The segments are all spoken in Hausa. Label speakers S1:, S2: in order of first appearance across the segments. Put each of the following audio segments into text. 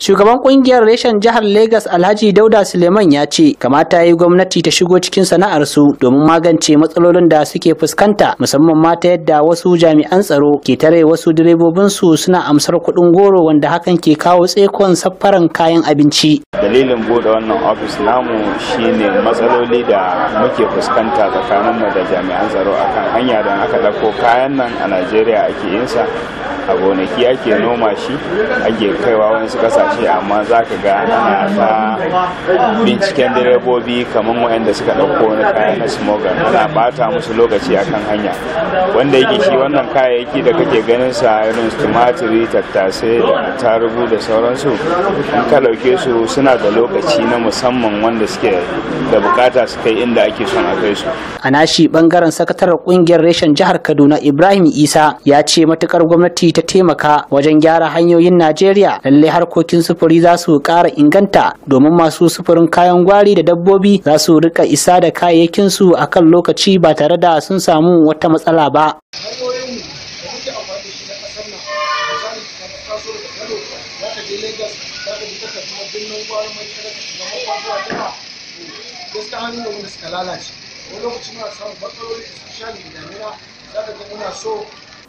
S1: Shugaban kungiyar reshen jihar Legas Alhaji Dauda Suleiman ya ce kamata ya yi gwamnati ta shigo cikin sana'ar su domin magance matsalolin da suke fuskanta musamman mata yadda wasu jami'an tsaro ke tare wasu direbobin su suna amsar kuɗin goro wanda hakan ke kawo tsekon safaran kayan abinci.
S2: Dalilin bude wannan ofis namu shine matsaloli da muke fuskanta tsakaninmu da jami'an tsaro akan hanya don aka ɗauko kayan nan a Najeriya ake yinsa a gonaki ake noma shi ake kaiwa wasu kasashe amma za ka ga ana ta binciken direbobi kamar wayanda suka ɗauko wani kaya na smogar ana bata musu lokaci akan hanya wanda yake shi wannan kayayyaki da kake ganin sa irin tumatiri tattasai da tarugu da sauransu in ka ɗauke su suna da lokaci na musamman wanda suke da bukata su kai inda ake son a kai su
S1: a nashi bangaren sakataren kungiyar reshen jihar kaduna ibrahim isa ya ce matukar gwamnati ta ta taimaka wajen gyara hanyoyin Najeriya lalle harkokin sufuri za su ƙara inganta domin masu sufurin kayan gwari da dabbobi za su rika isa da kayayyakin su akan lokaci ba tare da sun samu wata matsala ba.
S3: suka lalace wani lokacin muna samun matsaloli especially da damina za ka ga muna so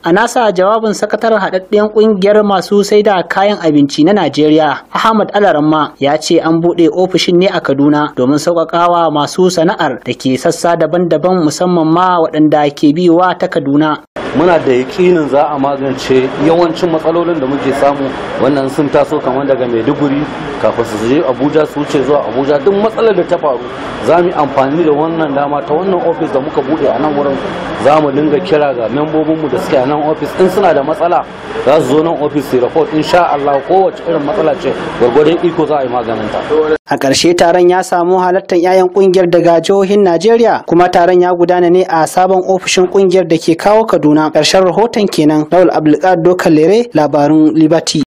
S1: a nasa jawabin sakataren haɗaɗɗen ƙungiyar masu sai da kayan abinci na najeriya ahmad alaramma ya ce an buɗe ofishin ne a kaduna domin sauƙaƙawa masu sana'ar da ke sassa daban-daban musamman ma waɗanda ke biyowa ta kaduna muna da yakinin za a magance yawancin matsalolin da muke samu wannan sun taso kamar daga
S3: maiduguri kafin su je abuja su wuce zuwa abuja duk matsalar da ta faru za mu amfani da wannan dama ta wannan ofis da muka bude a nan wurin za mu dinga kira ga membobinmu da suke a nan ofis in suna da matsala za su zo nan ofis su report insha Allah kowace irin matsala ce gwargwadon iko za a yi maganin ta.
S1: A ƙarshe taron ya samu halartar 'ya'yan ƙungiyar daga jihohin Najeriya kuma taron ya gudana ne a sabon ofishin ƙungiyar da ke kawo Kaduna na ƙarshen rahoton kenan Lawal Abdulkadir Dokalere labarun Liberty.